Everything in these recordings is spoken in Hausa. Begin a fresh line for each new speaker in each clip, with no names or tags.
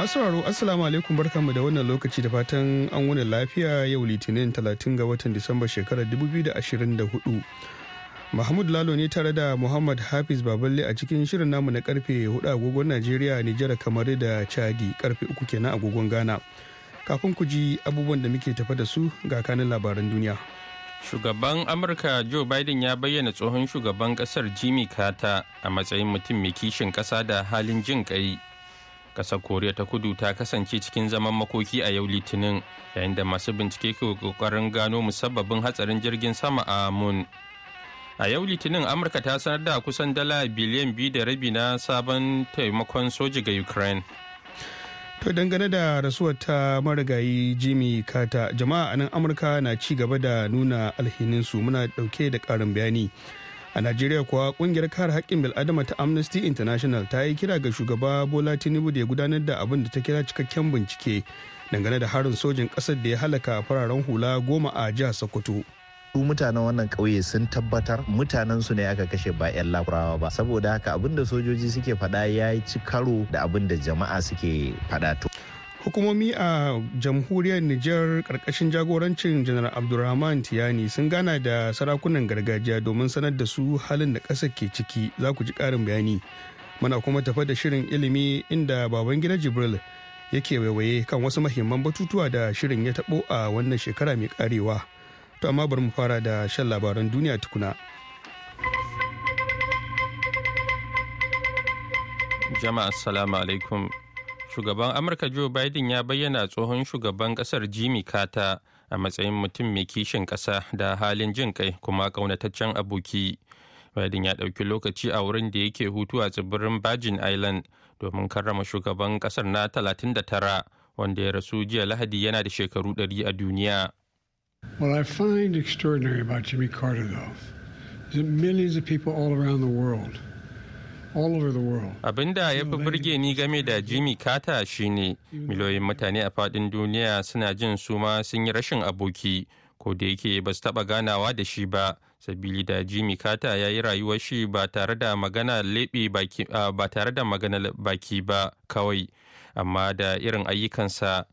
Masu sauraro Assalamu alaikum barkanmu da wannan lokaci da fatan an wani lafiya yau Litinin 30 ga watan Disamba shekarar 2024. Mahmud Lalo ne tare da Muhammad Hafiz Baballe a cikin shirin namu na karfe 4 agogon Najeriya, Nijar, kamar da Chadi karfe 3 kenan agogon Ghana. Kafin ku ji abubuwan da muke tafa da su ga kanin labaran duniya.
Shugaban Amurka Joe Biden ya bayyana tsohon shugaban kasar Jimmy Carter a matsayin mutum mai kishin kasa da halin jin kai. kasar Koriya ta kudu ta kasance cikin zaman makoki a yau litinin yayin da masu bincike ke kokarin gano musabbabin hatsarin jirgin sama a Mun. A yau litinin Amurka ta sanar da kusan dala biliyan biyu da rabi na sabon taimakon soji ga Ukraine.
To dangane da rasuwar ta marigayi Jimmy Carter, jama'a a nan Amurka na ci gaba da nuna alhininsu muna dauke da karin bayani. a najeriya kuwa kungiyar kare haƙƙin bil'adama ta amnesty international ta yi kira ga shugaba bola tinubu da ya gudanar da abin da ta kira cikakken bincike dangane da harin sojin ƙasar da ya halaka fararen hula goma a jihar
sokoto su mutanen wannan ƙauye sun tabbatar mutanen su ne aka kashe ba 'yan lakurawa ba saboda haka abin da sojoji suke faɗa ya yi ci karo da abin da jama'a suke faɗa to
hukumomi a jamhuriyar Nijar karkashin jagorancin janar abdulrahman tiyani sun gana da sarakunan gargajiya domin sanar da su halin da ƙasa ke ciki za ku ji ƙarin bayani muna kuma tafa da shirin ilimi inda baban gida jibril yake waiwaye kan wasu mahimman batutuwa da shirin ya taɓo a wannan shekara mai karewa to amma bari mu fara da shan labaran duniya tukuna
jama'a assalamu alaikum shugaban amurka joe biden ya bayyana tsohon shugaban kasar jimmy carter a matsayin mutum mai kishin kasa da halin jin kai kuma kaunataccen aboki biden ya ɗauki lokaci a wurin da yake hutu a tsibirin virgin island domin karrama shugaban kasar na 39 wanda ya rasu jiya lahadi yana da shekaru 100 a duniya
What I find extraordinary about Jimmy Carter, though, is that millions of people all around the world
Abin da ya fi burge ni game da Jimmy Carter shine miliyoyin mutane a faɗin duniya suna jin su ma sun yi rashin aboki ko da yake ba su taɓa ganawa da shi ba. Sabili da Jimmy Carter ya yi rayuwar shi ba leɓe ba tare da magana baki ba kawai amma da irin ayyukansa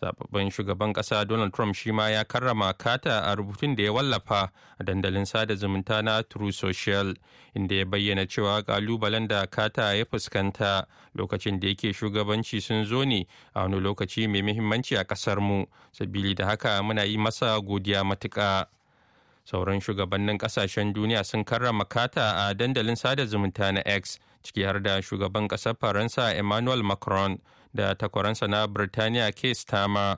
zababben shugaban kasa donald trump shi ma ya karrama kata a rubutun da ya wallafa a dandalin sada zumunta na true social inda ya bayyana cewa kalubalen da kata ya fuskanta lokacin da yake shugabanci sun zo ne a wani lokaci mai muhimmanci a kasar mu sabili da haka muna yi masa godiya matuka. sauran shugabannin kasashen duniya sun karrama kata a dandalin sada zumunta na x ciki har da shugaban ƙasar faransa emmanuel macron da takwaransa na birtaniya ke stama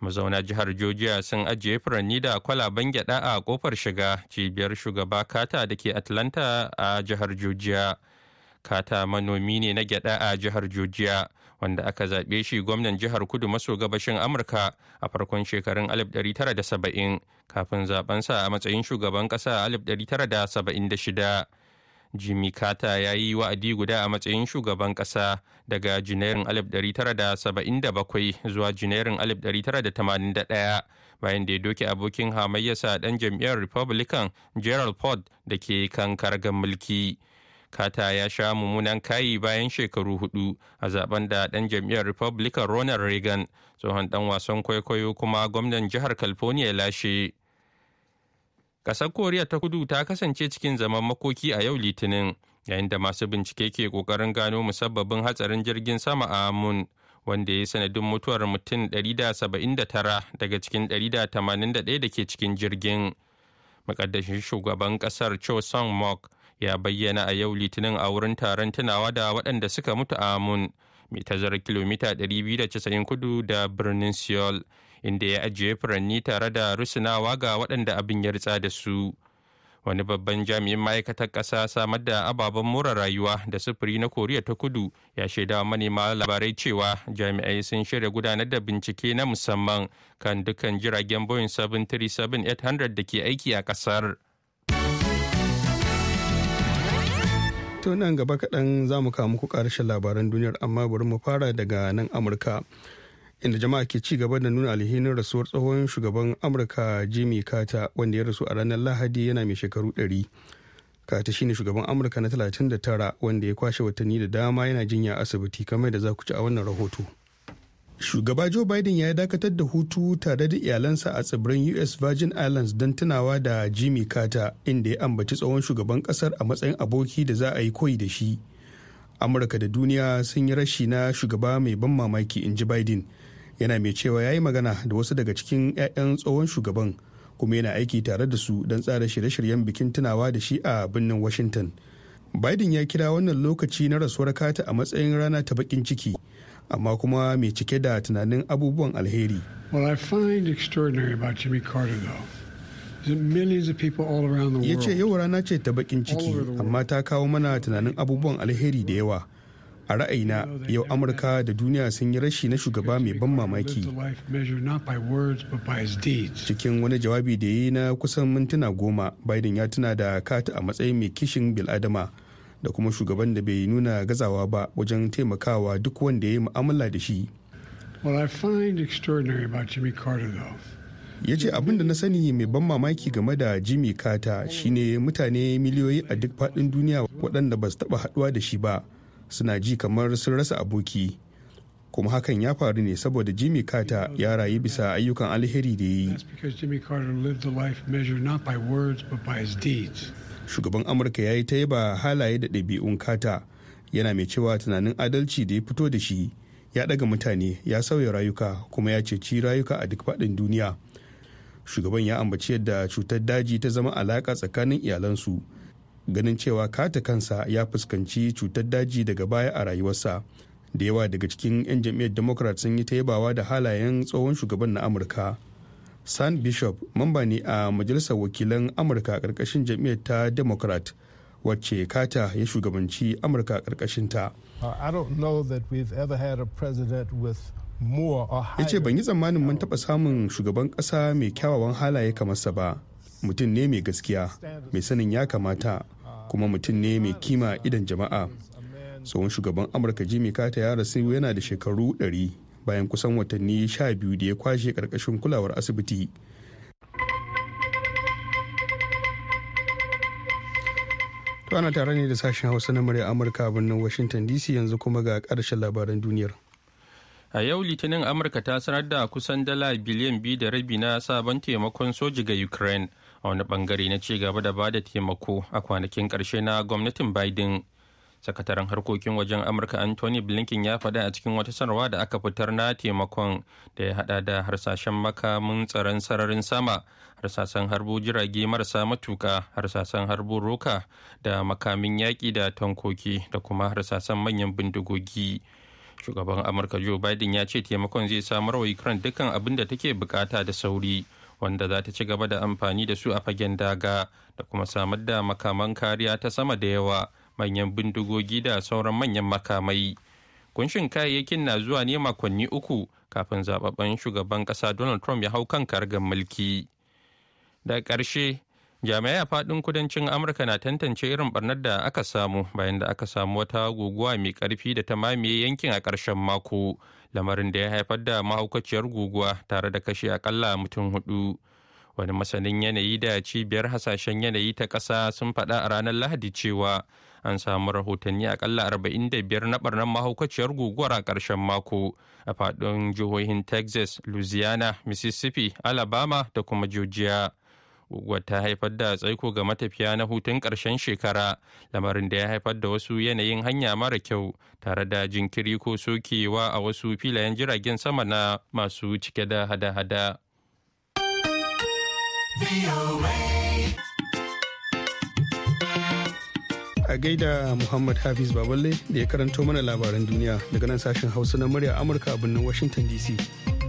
mazauna jihar georgia sun ajiye furanni da kwalaban gyada a kofar shiga cibiyar shugaba kata da ke atlanta a jihar georgia kata manomi ne na gyada a jihar georgia wanda aka zaɓe shi gwamnan jihar kudu maso gabashin amurka a farkon shekarun 1970 kafin zaɓensa a matsayin shugaban ƙasa a 1976 jimmy carter ya yi wa'adi guda a matsayin shugaban ƙasa daga janairun 1977 zuwa janairun 1981 bayan da ya doke abokin hamayyasa ɗan jam'iyyar republican gerald ford da ke kan kargan mulki kata ya sha mummunan kayi bayan shekaru hudu a zaben da ɗan jam'iyyar republican ronald reagan tsohon ɗan wasan kwaikwayo kuma gwamnan jihar california lashe Ƙasar Koriya ta kudu ta kasance cikin zaman makoki a yau Litinin, yayin da masu bincike ke ƙoƙarin gano musabbabin hatsarin jirgin sama a Amun, wanda ya sanadin mutuwar mutum 179 daga cikin 181 da ke cikin jirgin. Makaddashin shugaban ƙasar Cho Song Mok ya bayyana a yau Litinin a wurin taron tunawa da waɗanda suka mutu a Amun, mai tazarar kilomita 290 kudu da birnin Seoul. inda ya ajiye furanni tare da rusunawa ga waɗanda abin ya ritsa da su wani babban jami'in ma'aikatar ƙasa samar da ababen more rayuwa da sufuri na koriya ta kudu ya shaida manema labarai cewa jami'ai sun shirya gudanar da bincike na musamman kan dukkan jiragen boeing 737-800 da ke aiki a ƙasar
to nan gaba kaɗan za mu kawo muku ƙarshen labaran duniyar amma bari mu fara daga nan amurka inda jama'a ke ci gaba da nuna alhinin rasuwar tsohon shugaban amurka jimmy carter wanda ya rasu a ranar lahadi yana mai shekaru 100 carter shine shugaban amurka na 39 wanda ya kwashe watanni da dama yana jinya asibiti kamar da za ku ci a wannan rahoto shugaba joe biden ya dakatar da hutu tare da iyalansa a tsibirin us virgin islands don tunawa da jimmy carter inda ya ambaci tsohon shugaban kasar a matsayin aboki da za a yi koyi da shi amurka da duniya sun yi rashi na shugaba mai ban mamaki in ji biden yana mai cewa ya yi magana da wasu daga cikin 'ya'yan tsohon shugaban kuma yana aiki tare da su don tsara shirye-shiryen bikin tunawa da shi a birnin washington biden ya kira wannan lokaci na rasuwar kata a matsayin rana ta bakin ciki amma kuma mai cike da tunanin abubuwan alheri ya ce yau rana ce ta bakin ciki amma ta kawo mana tunanin abubuwan alheri da yawa a ra'ayina yau amurka da duniya sun yi rashi na shugaba mai ban mamaki cikin wani jawabi da yi na kusan mintuna goma biden ya tuna da kata a matsayin mai kishin biladama da kuma shugaban da bai nuna gazawa ba wajen taimakawa duk wanda ya yi mu'amala da shi ya ce abin da na sani mai ban mamaki game da jimmy carter shine mutane miliyoyi a duk faɗin duniya waɗanda ba su taɓa haɗuwa da shi ba suna ji kamar sun rasa aboki kuma hakan ya faru ne saboda jimmy carter ya rayu bisa ayyukan alheri da ya yi shugaban amurka ya yi ta yaba halaye da ɗabi'un carter yana mai cewa tunanin adalci da ya fito da shi ya ɗaga mutane ya sauya rayuka kuma ya ceci rayuka a duk faɗin duniya shugaban ya ambaci yadda cutar daji ta zama alaƙa tsakanin iyalansu ganin cewa kata kansa ya fuskanci cutar daji daga baya a rayuwarsa da yawa daga cikin 'yan jam'iyyar democrat sun yi ta yabawa da halayen tsohon shugaban na amurka san bishop mamba ne a majalisar wakilan amurka karkashin jam'iyyar ta democrat wacce kata ya shugabanci amurka karkashin ta ya ce ban yi tsammanin mun taɓa samun shugaban ƙasa mai kyawawan halaye kamar sa ba mutum ne mai gaskiya mai sanin ya kamata kuma mutum ne mai kima idan jama'a tsohon shugaban amurka jimmy carter ya rasu yana da shekaru 100 bayan kusan watanni 12 da ya kwashe karkashin kulawar asibiti tana tare ne da sashen hausa na murya amurka birnin washington dc yanzu kuma ga karshen labaran duniyar
a yau litinin amurka ta sanar da kusan dala biliyan biyu da rabi na sabon taimakon soji ga ukraine a wani bangare na ci gaba da bada taimako a kwanakin karshe na gwamnatin biden sakataren harkokin wajen amurka anthony blinken ya faɗa a cikin wata sanarwa da aka fitar na taimakon da ya haɗa da harsashen makamin tsaron sararin sama harsasan harbu jirage marasa matuka harsasan harbu roka da makamin yaƙi da tankoki da kuma harsasan manyan bindigogi shugaban amurka joe biden ya ce taimakon zai samar wa ukraine dukkan abin da take bukata da sauri wanda za ta ci gaba da amfani da su a fagen daga da kuma samar da makaman kariya ta sama da yawa manyan bindigogi da sauran manyan makamai kunshin kayayyakin na zuwa ne makonni uku kafin zababben shugaban kasa donald trump ya hau kan kargan mulki da ƙarshe jami'ai a fadin kudancin amurka na tantance irin barnar da aka samu bayan da aka samu wata guguwa mai karfi da ta mamaye yankin a ƙarshen mako lamarin da ya haifar da mahaukaciyar guguwa tare da kashe akalla mutum hudu wani masanin yanayi da cibiyar hasashen yanayi ta ƙasa sun faɗa a ranar lahadi cewa an samu rahotanni akalla biyar na barnar mahaukaciyar guguwar a ƙarshen mako a faɗin jihohin texas louisiana mississippi alabama da kuma georgia wata ta haifar da tsaiko ga matafiya na hutun ƙarshen shekara lamarin da ya haifar da wasu yanayin hanya mara kyau tare da jinkiri ko sokewa a wasu filayen jiragen sama na masu cike da hada-hada.
a gaida Muhammad Hafiz Baballe da ya karanto mana labaran duniya daga nan sashen Hausa na murya Amurka a birnin Washington DC.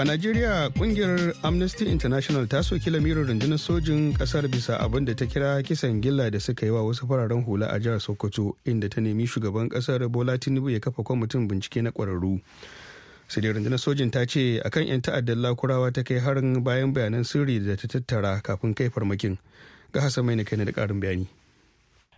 a Najeriya kungiyar Amnesty International ta soki lamirin rundunar sojin kasar bisa abin da ta kira kisan gilla da suka yi wa wasu fararen hula a jihar Sokoto inda ta nemi shugaban kasar Bola Tinubu ya kafa kwamitin bincike na kwararru. Sai dai rundunar sojin ta ce akan 'yan ta'addar lakurawa ta kai harin bayan bayanan sirri da ta tattara kafin kai farmakin. Ga Hassan Mai na kai na da ƙarin bayani.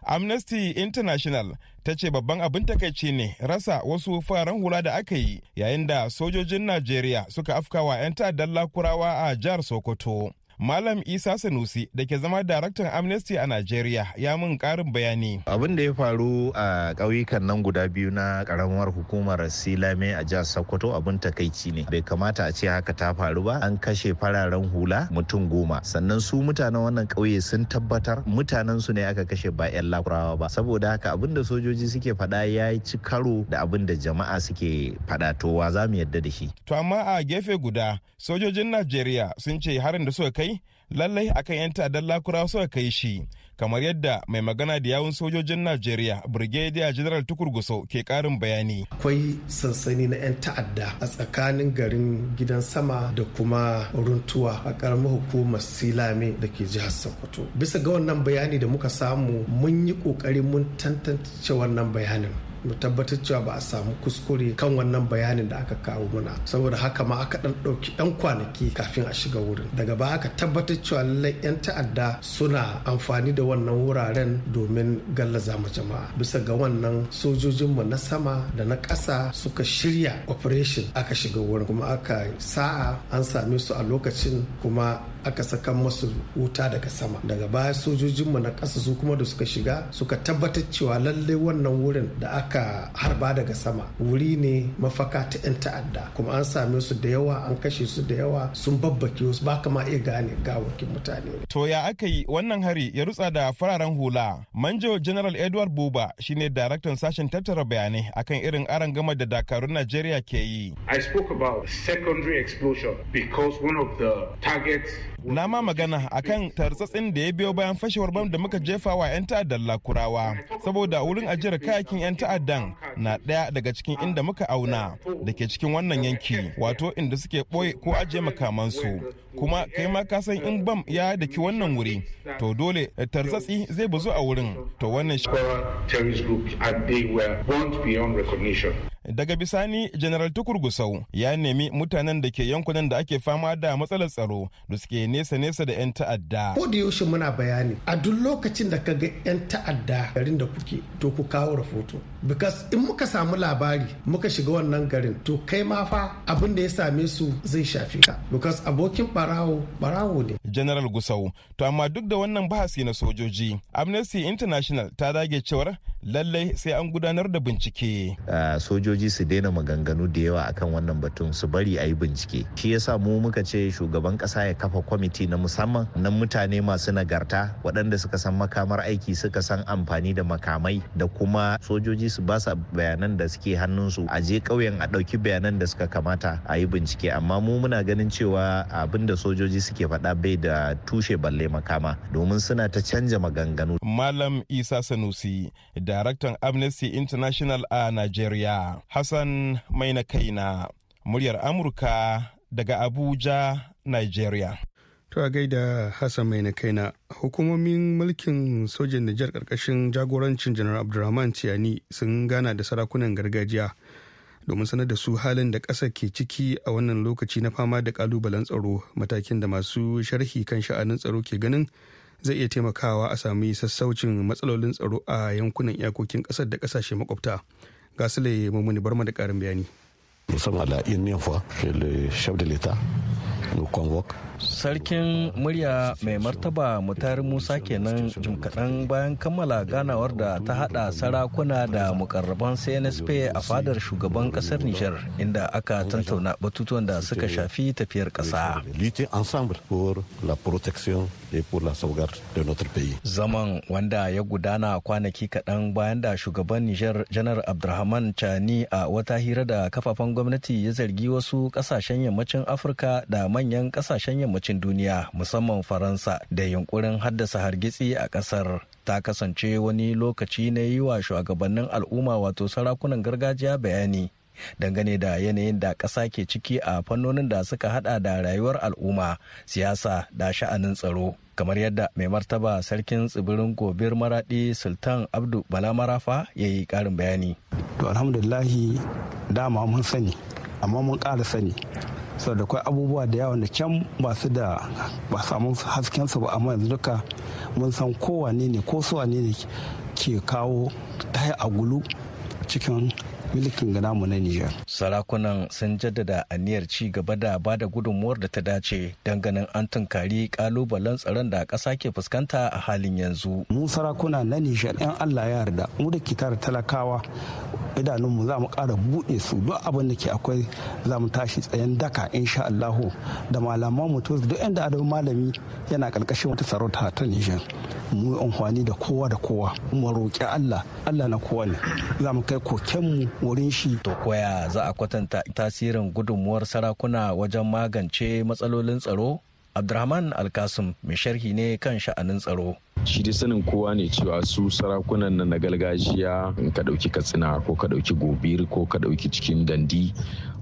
amnesty international ta ce babban abin takaici
ne rasa wasu fararen hula da aka yi yayin da sojojin najeriya suka afkawa 'yan ta'addar lakurawa a jihar sokoto Malam Isa Sanusi da ke zama daraktan Amnesty a Najeriya
ya mun karin bayani. Abin da ya faru a ƙauyukan nan guda biyu na ƙaramar hukumar Silame a jihar Sokoto abin takaici ne. Bai kamata a ce haka ta faru ba an kashe fararen hula mutum goma. Sannan su mutanen wannan ƙauye sun tabbatar mutanen su ne aka kashe ba 'yan lakurawa ba. Saboda haka abin da sojoji suke faɗa ya ci karo da abin da jama'a suke faɗa to wa za mu yadda da shi. To amma a gefe guda
sojojin Najeriya sun ce harin da suka kai lallai akan 'yan ta'addar lakura suka kai shi kamar yadda mai magana da yawun sojojin najeriya brigadier general tukur
ke karin bayani akwai sansani na 'yan ta'adda a tsakanin garin gidan sama da kuma runtuwa a karamar hukumar silame da ke jihar sokoto bisa ga wannan bayani da muka samu mun yi kokarin mun tantance wannan bayanin mu tabbatar cewa ba a samu kuskure kan wannan bayanin da aka kawo mana saboda haka ma aka dan ɗauki ɗan kwanaki kafin a shiga wurin daga ba aka tabbatar cewa lallai 'yan ta'adda suna amfani da wannan wuraren domin gallaza mu jama'a bisa ga wannan sojojinmu na sama da na ƙasa suka shirya operation aka shiga wurin kuma aka sa'a an same su a lokacin kuma aka saka masu wuta daga sama daga baya sojojinmu na ƙasa su kuma da suka shiga suka tabbatar cewa lallai wannan wurin da aka harba daga sama wuri ne mafaka ta 'yan ta'adda kuma an same su da yawa an kashe su da yawa sun babbake wasu ba kama iya gane gawakin mutane
to ya aka yi wannan hari ya rutsa da fararen hula manjo general edward buba shine daraktan sashen tattara bayanai akan irin aron gama da dakarun najeriya ke yi i spoke about secondary explosion
because one of the
targets na ma magana kan tarzatsin da ya biyo bayan fashewar bam da muka jefa wa 'yan ta'addan lakurawa saboda wurin ajiyar kayakin 'yan ta'addan na ɗaya daga cikin inda muka auna da ke cikin wannan yanki wato inda suke ɓoye ko ajiye makamansu kuma kai ma ka san in bam ya daki wannan wuri to dole tarzatsi zai bazu a wurin to wannan shi daga bisani general tukur gusau ya nemi mutanen da ke yankunan da ake fama da matsalar tsaro da suke nesa nesa da 'yan ta'adda ko
da yaushe muna bayani a duk lokacin da ka ga 'yan ta'adda garin da kuke to ku kawo rahoto because in muka samu labari muka shiga wannan garin to kai ma fa abin da ya same su zai shafe
ka because abokin barawo barawo ne general gusau to amma duk da wannan bahasi na sojoji amnesty international ta dage cewar lallai sai an gudanar da bincike
eh, sojoji sojoji su daina maganganu da yawa akan wannan batun su bari a yi bincike shi yasa mu muka ce shugaban kasa ya kafa kwamiti na musamman na mutane masu nagarta waɗanda suka san makamar aiki suka san amfani da makamai da kuma sojoji su ba bayanan da suke hannunsu a je ƙauyen a ɗauki bayanan da suka kamata a yi bincike amma mu muna ganin cewa abin da sojoji suke faɗa bai da tushe balle makama domin suna ta canja maganganu.
Malam Isa Sanusi, daraktan Amnesty International a Nigeria. Hassan mai na kaina muryar Amurka daga
Abuja, Nigeria. To a gaida Hassan mai kaina hukumomin mulkin sojin Nijar karkashin jagorancin janar Abdulrahman Tiyani sun gana da sarakunan gargajiya domin sanar da su halin da ƙasa ke ciki a wannan lokaci na fama da ƙalubalen tsaro matakin da masu sharhi kan sha'anin tsaro ke ganin zai iya taimakawa a sami sassaucin matsalolin tsaro a yankunan iyakokin ƙasar da ƙasashe makwabta. ga su lai mummuni bar mu da karin bayani. Nous sommes à la union fois que le chef de l'État nous convoque
sarkin murya mai martaba mutari musa kenan jim kaɗan bayan kammala ganawar da ta haɗa sarakuna da mukarraban cnsp a fadar shugaban ƙasar niger inda aka tantauna batutuwan da suka shafi tafiyar ƙasa zaman wanda ya gudana kwanaki kaɗan bayan da shugaban niger janar abdulrahman chani a wata hira da kafafen gwamnati ya zargi wasu ƙasashen yammacin afirka da manyan ƙasashen yammacin yammacin duniya musamman faransa da yunkurin haddasa hargitsi a kasar ta kasance wani lokaci na yi wa shugabannin al'umma wato sarakunan gargajiya bayani dangane da yanayin da ƙasa ke ciki a fannonin da suka hada da rayuwar al'umma siyasa da sha'anin tsaro kamar yadda mai martaba sarkin tsibirin gobir maradi sultan abdu bala marafa ya yi ƙarin bayani to alhamdulillahi dama mun sani amma mun ƙara sani sau da kwai abubuwa da yawa da can ba su da ba samu hasken su ba amma yanzu duka mun san kowane ne ko suwane ne ke kawo ta a gulu cikin milikin ga namu na Nijar. Sarakunan sun jaddada aniyar ci gaba da ba da gudunmuwar da ta dace don ganin an tunkari kalubalen tsaron da ƙasa ke fuskanta a halin yanzu. Mu sarakuna na Nijar 'yan Allah ya yarda mu da ke tara talakawa idanunmu za mu ƙara buɗe su duk abin da ke akwai za mu tashi tsayen daka insha Allahu da malaman mu to duk inda adabin malami yana ƙarƙashin wata sarauta ta Nijar. Mu amfani da kowa da kowa mu roƙi Allah Allah na kowa ne za mu kai kokenmu wurin shi to koya za a kwatanta tasirin gudunmuwar sarakuna wajen magance
matsalolin tsaro Abdurrahman Alkasim mai sharhi ne kan sha'anin tsaro. Shi dai sanin kowa ne cewa su sarakunan na gargajiya in ka ɗauki katsina ko ka ɗauki gobir ko ka ɗauki cikin dandi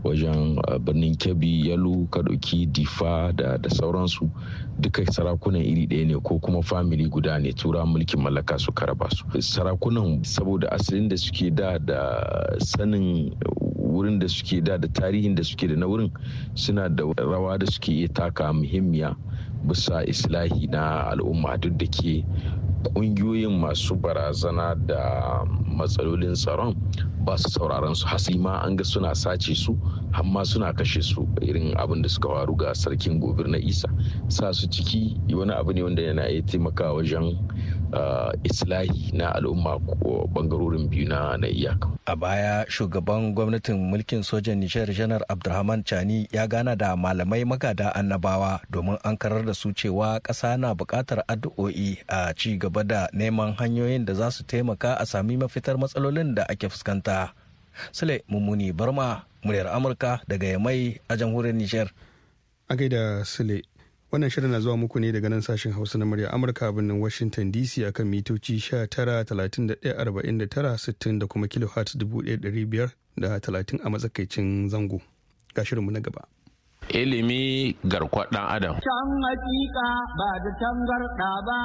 wajen uh, birnin kebbi yalu ka ɗauki difa da sauransu duka sarakunan iri ɗaya ne ko kuma famili guda ne tura mulkin mallaka su karaba su sarakunan saboda asalin da suke da da sanin wurin da suke da da tarihin da suke da na wurin suna da rawa da suke iya taka muhimmiya bisa islahi na al'umma duk da ke ƙungiyoyin masu barazana da matsalolin tsaron ba su sauraron su ma an ga suna sace su amma suna kashe su irin abin da suka faru ga sarkin gobir na isa sa su ciki wani abu ne wanda yana iya taimakawa wajen Eh, islahi na al'umma ko bangarorin biyu na iyaka. A baya
shugaban gwamnatin mulkin sojan Nijar Janar Abdulrahman Chani ya gana da malamai magada annabawa domin an karar da su cewa ƙasa na buƙatar addu'o'i a ci gaba da neman hanyoyin da za su taimaka a sami mafitar matsalolin da ake fuskanta. Sule Mummuni Barma, muryar Amurka daga Yamai a jamhuriyar Nijar.
A gaida Sule Wannan shirin na zuwa muku ne daga nan sashen Hausa na murya Amurka a birnin Washington DC akan mitoci 19,31,49,60 da kuma kilohertz 1,530 a matsakaicin zango. Ga shirinmu na gaba.
Ilimi garkuwar dan
Adam.
Can hakika ba da tangarɗa ba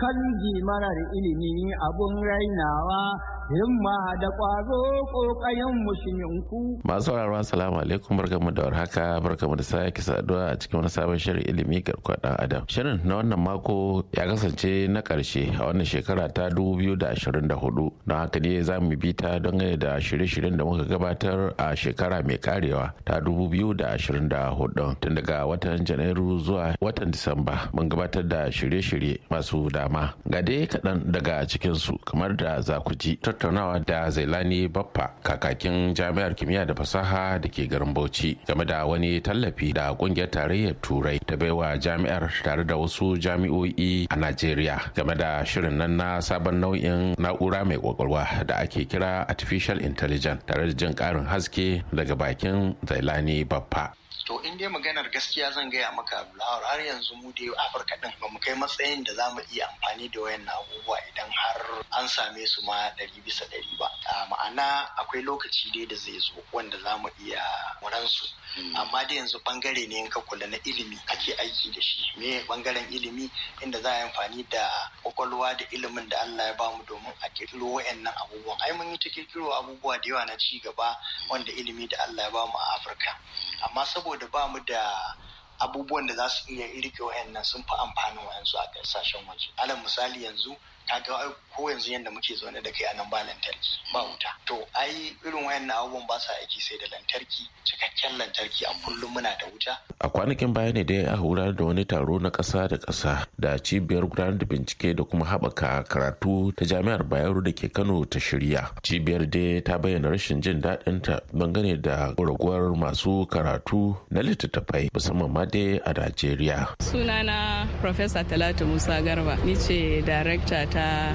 kan marar ilimi abun rainawa himma da ƙwazo ƙoƙayen mushiminku.
Masu sauraro assalamu alaikum barkamu da warhaka barkamu da sake saduwa a cikin wani sabon shirin ilimi garkuwa dan adam. Shirin na wannan mako ya kasance na ƙarshe a wannan shekara ta dubu biyu da da ashirin hudu, don haka ne za mu bi ta don gane da shirye-shiryen da muka gabatar a shekara mai karewa ta dubu biyu da da ashirin hudu tun daga watan janairu zuwa watan disamba mun gabatar da shirye-shirye masu dama ga dai kaɗan daga cikinsu kamar da za ku ji tattaunawa da zailani baffa kakakin jami'ar kimiyya da fasaha da ke garin bauchi game da wani tallafi da kungiyar tarayyar turai ta baiwa jami'ar tare da wasu jami'o'i a najeriya game da shirin nan na sabon nau'in na'ura mai kwakwalwa da ake kira artificial intelligence tare da jin karin haske daga bakin zailani baffa
to in dai maganar gaskiya zan gaya maka lahar har yanzu mu dai afirka din ba mu kai matsayin da za mu iya amfani da wayan abubuwa idan har an same su ma ɗari bisa ɗari ba ah, ma'ana akwai lokaci dai da zai zo wanda za mu iya muransu Hmm. amma dai yanzu bangare ne ka kula na ilimi ake aiki da shi me bangaren ilimi inda za a yi amfani da kwakwalwa da ilimin da Allah ya bamu domin a kirkiro wayannan abubuwan ai mun yi ta kirkiro abubuwa da yawa na ci gaba wanda ilimi da Allah ya bamu a Afirka amma saboda bamu da abubuwan da za su iya irke wayannan sun fi amfanin wayansu a kasashen waje alal misali yanzu kaga ga ko yanzu yadda muke zaune da kai a nan ba lantarki ba hmm. wuta to ai irin wayan na abubuwan ba sa aiki sai da lantarki cikakken lantarki a kullum muna da wuta
a kwanakin baya ne dai a gudanar da wani taro na ƙasa da ƙasa da cibiyar gudanar da bincike da kuma haɓaka karatu ta jami'ar bayero da ke kano ta shirya cibiyar dai ta bayyana rashin jin daɗin ta dangane da raguwar masu karatu na littattafai musamman ma dai a najeriya
sunana professor talatu musa garba ni ce director ta ta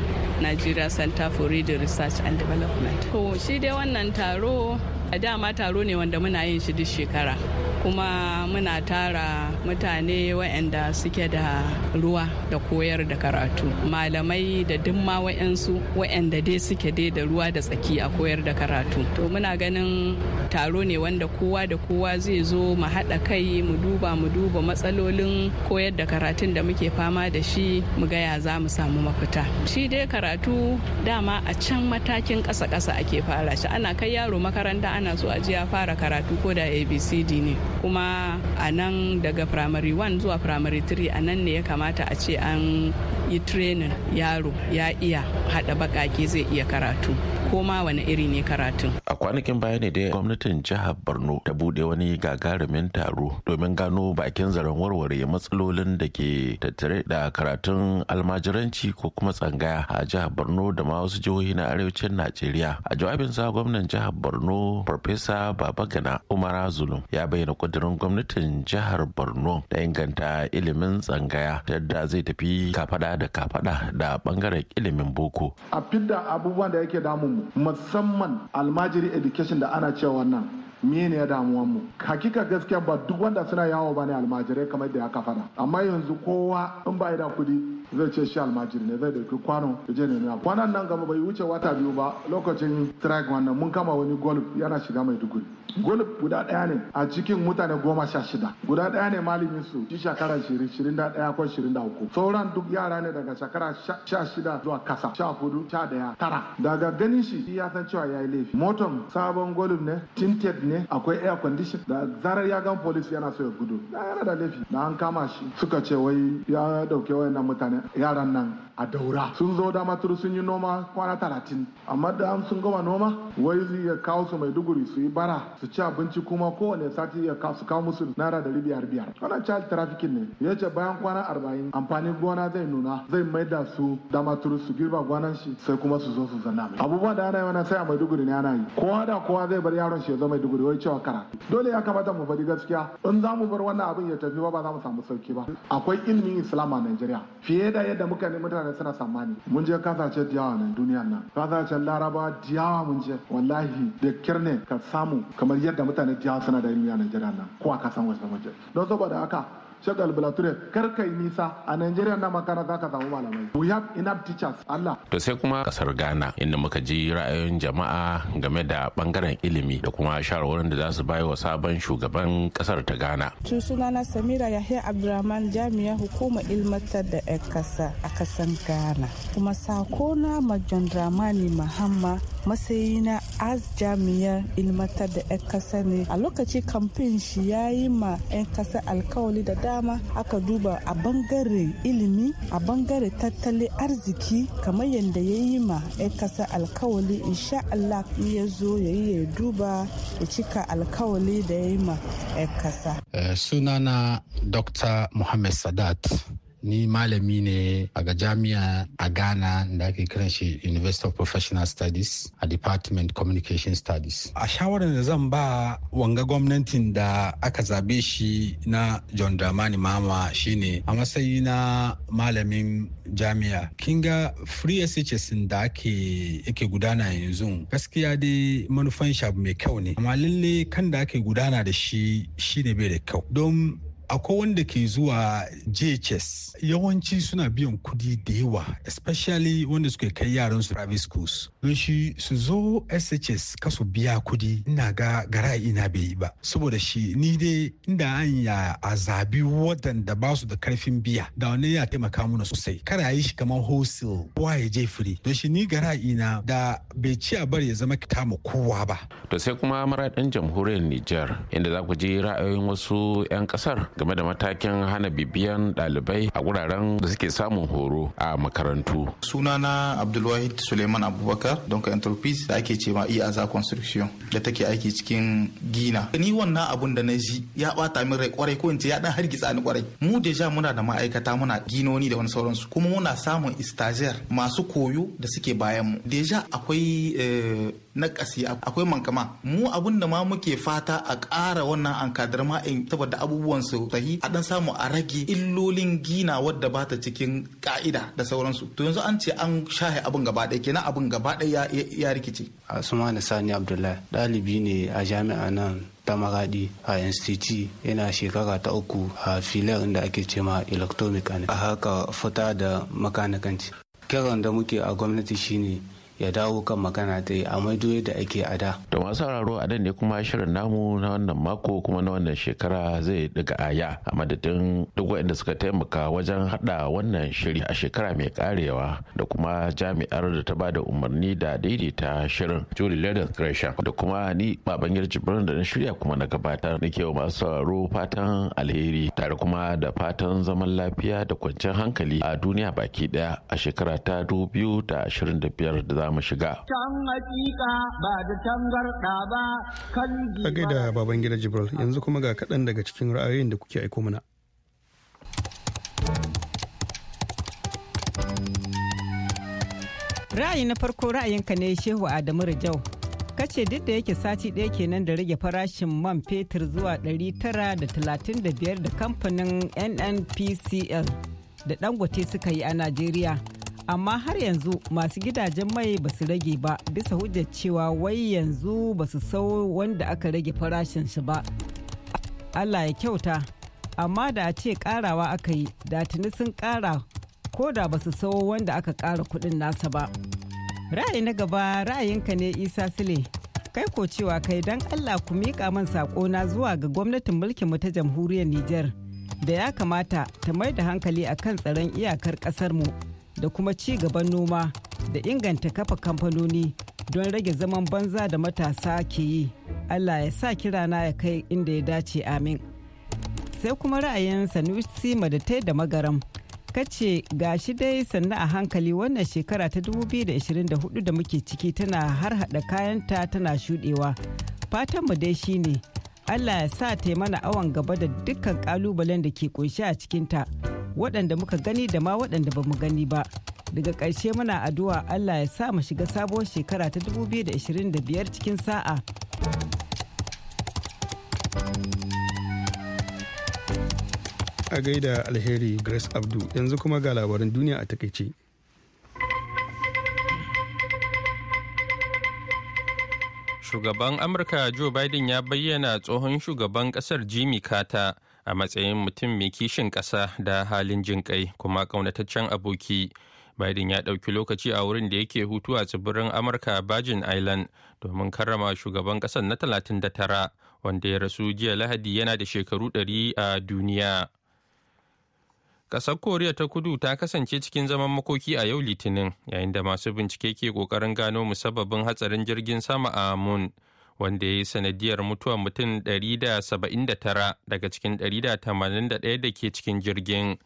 Nigeria Center for Reading Research and Development. To shi dai wannan taro a dama taro ne wanda muna yin shi duk shekara kuma muna tara mutane waɗanda suke da ruwa da koyar da karatu malamai da dimma wa'ansu waɗansu waɗanda dai suke dai da ruwa da tsaki a koyar da karatu to muna ganin taro ne wanda kowa da kowa zai zo mu haɗa kai mu duba mu duba matsalolin koyar da karatun da muke fama da shi mu gaya za mu samu mafita shi dai karatu dama a can matakin ƙasa-ƙasa ake fara shi ana kai yaro makaranta ana ana so a ya fara karatu ko da abcd ne kuma a nan daga primary 1 zuwa primary 3 a nan ne ya kamata a ce an yi training yaro ya iya hada bakake zai iya karatu ko ma wani iri ne karatun.
A kwanakin baya ne dai gwamnatin jihar Borno ta bude wani gagarumin taro domin gano bakin zaren warware matsalolin da ke tattare da karatun almajiranci ko kuma tsangaya a jihar Borno da ma wasu jihohi na arewacin Najeriya. A jawabin sa gwamnan jihar Borno Farfesa Babagana Umar Zulum ya bayyana kudirin gwamnatin jihar Borno da inganta ilimin tsangaya yadda zai tafi kafada da kafada da bangaren ilimin boko.
A fidda abubuwan da yake damun mu musamman almajiri education da ana cewa wannan mene ya damuwan mu hakika gaskiya ba duk wanda suna yawo ne almajirai kamar da ya kafa amma yanzu kowa in ba da kudi zai ce shi almajiri ne zai dauki kwano ya je ne abu kwanan nan gaba bai wuce wata biyu ba lokacin strike wannan mun kama wani golf yana shiga mai duguri golf guda daya ne a cikin mutane goma sha shida guda daya ne malamin su shi shakara shirin shirin da daya ko shirin da uku sauran duk yara ne daga shakara sha shida zuwa kasa sha hudu sha daya tara daga ganin shi ya san cewa ya yi laifi moton sabon golf ne tinted ne akwai air condition da zarar ya gan police yana so ya gudu da yana da laifi da an kama shi suka ce wai ya dauke wayannan mutane yaran nan a daura sun zo dama turu sun yi noma kwana talatin amma da sun gama noma wai zai ya kawo su mai duguri su yi bara su ci abinci kuma kowane sati ya su kawo musu naira dari biyar biyar wannan child trafficking ne ya ce bayan kwana arba'in amfani gona zai nuna zai mai da su dama turu su girba gonan shi sai kuma su zo su zanna mai abubuwa da ana yi wannan sai a duguri ne ana yi kowa da kowa zai bar yaron shi ya zama duguri, wai cewa kara dole ya kamata mu bari gaskiya in za mu bar wannan abin ya tafi ba za mu samu sauki ba akwai ilimin islam a najeriya fiye fiye da yadda muka ne mutane suna tsammani mun je kasashe da nan duniyar nan kasashen laraba diyawa mun je wallahi da kirne ka samu kamar yadda mutane diyawa suna da ilimi a Najeriya nan ko a kasan wasu waje don saboda haka Sheikh Albilature kar kai nisa a Najeriya na makana za ka samu malamai. We have enough teachers Allah.
To sai kuma kasar Ghana inda muka ji ra'ayoyin jama'a game da bangaren ilimi da kuma shawarwarin da za su bayar wa sabon shugaban kasar ta Ghana.
Tun sunana
Samira Yahya Abdulrahman jami'a hukumar ilmantar da 'yan kasa a kasan Ghana. Kuma sakona Majon Dramani Mahamma matsayi na as jami'ar ilmantar da 'yan kasa ne a lokaci kamfen shi ya yi ma 'yan kasa alkawali da dama aka duba a bangare ilimi a bangare tattalin arziki kamar yadda ya yi ma 'yan kasa alkawali insha Allah ya zo ya yi ya duba ya cika alkawali da ya yi ma 'yan kasa.
Eh, sunana dr muhammad sadat ni malami ne a ga jami'a a ghana da ake kiran shi university of professional studies a department communication studies
a shawarar da zan ba wanga gwamnatin da aka zabe shi na john dramani mama shine a matsayi na malamin jami'a kinga free shs da ake yake gudana yanzu gaskiya dai manufan shabu mai kyau ne amma lalle kan da ake gudana da shi shine bai da kyau don akwai wanda ke zuwa jhs yawanci suna biyan kudi da yawa especially wanda suke kai yaran su private schools don shi su zo shs kasu biya kudi ina ga gara ina bai yi ba saboda shi ni dai inda an ya a zabi waɗanda ba su da karfin biya da wani ya taimaka mana sosai kada yi shi kamar wholesale kowa ya je firi don shi ni gara ina da bai ci a bari ya zama kita mu kowa ba
to sai kuma mara ɗan jamhuriyar niger inda za ku ji ra'ayoyin wasu 'yan ƙasar game da matakin hana bibiyan ɗalibai a wuraren da suke samun horo a makarantu.
Sunana Abdulwahid Suleiman Abubakar don ka enterprise da ake ce ma e Aza Construction da take aiki cikin Gina. Ni wannan abun da na ji ya bata min rai kwarai ko in ce ya dan hargitsa ni kwarai. Mu deja muna da ma'aikata muna ginoni da wani sauransu kuma muna samun stagiaire masu koyo da suke bayan mu. Deja akwai eh, na kasi akwai mankama mu abun da ma muke fata a ƙara wannan an kadar in saboda abubuwan su tahi a dan samu a rage illolin gina wadda ba ta cikin ka'ida da sauransu to yanzu an ce an shahe abun gaba ɗaya kenan abun gaba
ɗaya ya rikice asmani sani abdullahi ɗalibi ne a jami'a nan ta magadi a NCT yana shekara ta uku a filar da ake cema electromechanic a haka fita da makanikanci kiran da muke a gwamnati shine ya dawo kan magana ta yi a maido yadda ake a da.
Da masu sauraro a nan ne kuma shirin namu na wannan mako kuma na wannan shekara zai daga aya a madadin duk waɗanda suka taimaka wajen haɗa wannan shiri a shekara mai karewa da kuma jami'ar da ta bada umarni da daidaita shirin Julie Leonard Gresham da kuma ni baban birnin da na shirya kuma na gabatar nake wa masu sauraro fatan alheri tare kuma da fatan zaman lafiya da kwanciyar hankali a duniya baki daya a shekara ta
2025 da za mu shiga.
Can ba da tangarɗa
ba baban gida Jibril yanzu kuma ga kaɗan daga cikin ra'ayoyin da kuke aiko mana.
Ra'ayi na farko ra'ayinka ne Shehu Adamu Rijau. kace duk da yake sati ɗaya kenan da rage farashin man fetur zuwa 935 da kamfanin nnpcl da dangote suka yi a najeriya amma har yanzu masu gidajen mai ba su rage ba bisa hujjar cewa wai yanzu ba su sau wanda aka rage farashin shi ba allah ya kyauta amma da a ce karawa aka yi da tuni sun kara ko da ba su sau wanda aka kara kudin nasa ba ra'ayi na gaba ra'ayinka ne isa sile kai ko cewa kai don allah ku miƙa man na zuwa ga gwamnatin mulkin mu ta jamhuriyar nijar da ya kamata ta mai da hankali akan tsaron iyakar ƙasar mu da kuma ci gaban noma da inganta kafa kamfanoni don rage zaman banza da matasa ke yi allah ya sa kirana ya kai inda ya dace amin sai kuma ra'ayin sanusi madatai da magaram kace ga shi dai sannu a hankali wannan shekara ta 2024 da muke ciki tana har hada kayanta tana shuɗewa fatanmu dai shine allah ya sa ta mana awon gaba da dukkan kalubalen da ke kunshi a cikinta waɗanda muka gani da ma waɗanda ba mu gani ba daga ƙarshe muna addu'a allah ya sa mu shiga sabuwar shekara ta 2025 cikin sa'a
a gaida alheri grace abdu yanzu kuma ga labarin duniya a takaice
shugaban amurka joe biden ya bayyana tsohon shugaban kasar jimmy carter a matsayin mutum mai kishin ƙasa da halin jin kai kuma ƙaunataccen aboki biden ya ɗauki lokaci a wurin da yake hutu a tsibirin amurka virgin island domin karrama shugaban ƙasar na 39 wanda ya rasu jiya lahadi yana da shekaru 100 a duniya Ƙasar Koriya ta kudu ta kasance cikin zaman makoki a yau Litinin, yayin da masu bincike ke ƙoƙarin gano musabbabin hatsarin jirgin sama a mun wanda ya yi sanadiyar mutuwar mutum 179 daga cikin 181 da ke cikin jirgin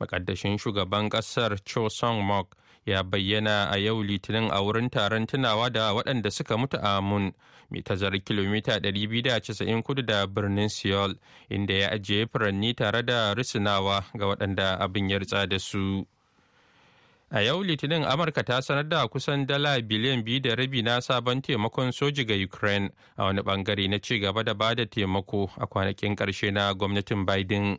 makaddashin shugaban kasar cho song mok ya bayyana a yau litinin a wurin taron tunawa da waɗanda suka mutu a mun mai tazarar kilomita 290 kudu da birnin seoul inda ya ajiye furanni tare da risinawa ga waɗanda abin ya da su. A yau Litinin Amurka ta sanar da kusan dala biliyan biyu da rabi na sabon taimakon soji ga Ukraine a wani bangare na ci gaba da bada taimako a kwanakin ƙarshe na gwamnatin Biden.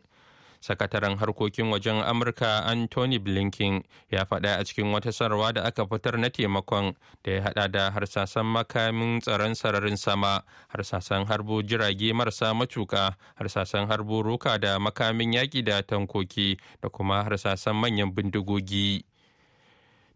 Sakataren harkokin wajen Amurka Anthony Blinken ya faɗa a cikin wata sanarwa da aka fitar na taimakon da ya haɗa da harsasan makamin tsaron sararin sama, harsasan harbo jirage marasa matuka, harsasan harbo roka da makamin yaƙi da tankoki da kuma harsasan manyan bindigogi.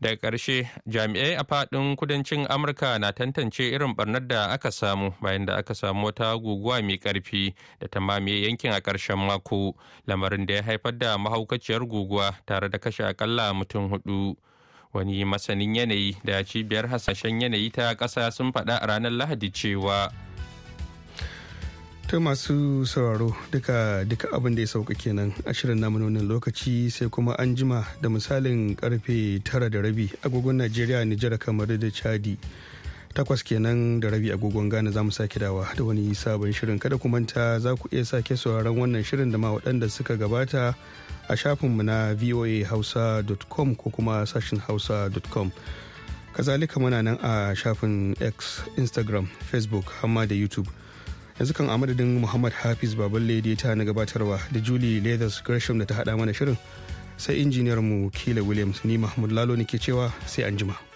daga ƙarshe jami'ai a faɗin kudancin amurka na tantance irin barnar da aka samu bayan da aka samu wata guguwa mai ƙarfi da ta mamaye yankin a ƙarshen mako lamarin da ya haifar da mahaukaciyar guguwa tare da kashe akalla mutum hudu wani masanin yanayi da cibiyar hasashen yanayi ta ƙasa sun faɗa a ranar lahadi cewa
ta masu sauraro duka duka abin da ya sauka kenan a shirin namu lokaci sai kuma an jima da misalin karfe tara da rabi agogon najeriya nijar kamar da chadi takwas kenan da rabi agogon ghana za mu sake dawa da wani sabon shirin kada ku manta za ku iya sake sauraron wannan shirin da ma waɗanda suka gabata a shafinmu na voahausa.com ko kuma sashin hausa.com kazalika muna nan a shafin x instagram facebook hamma da youtube yanzu kan amadadin muhammad hafiz babban da ta na gabatarwa da julie leathers gresham da ta hada mana shirin sai injiniyar mu kila williams ni mahmud lalo ne ke cewa sai anjima.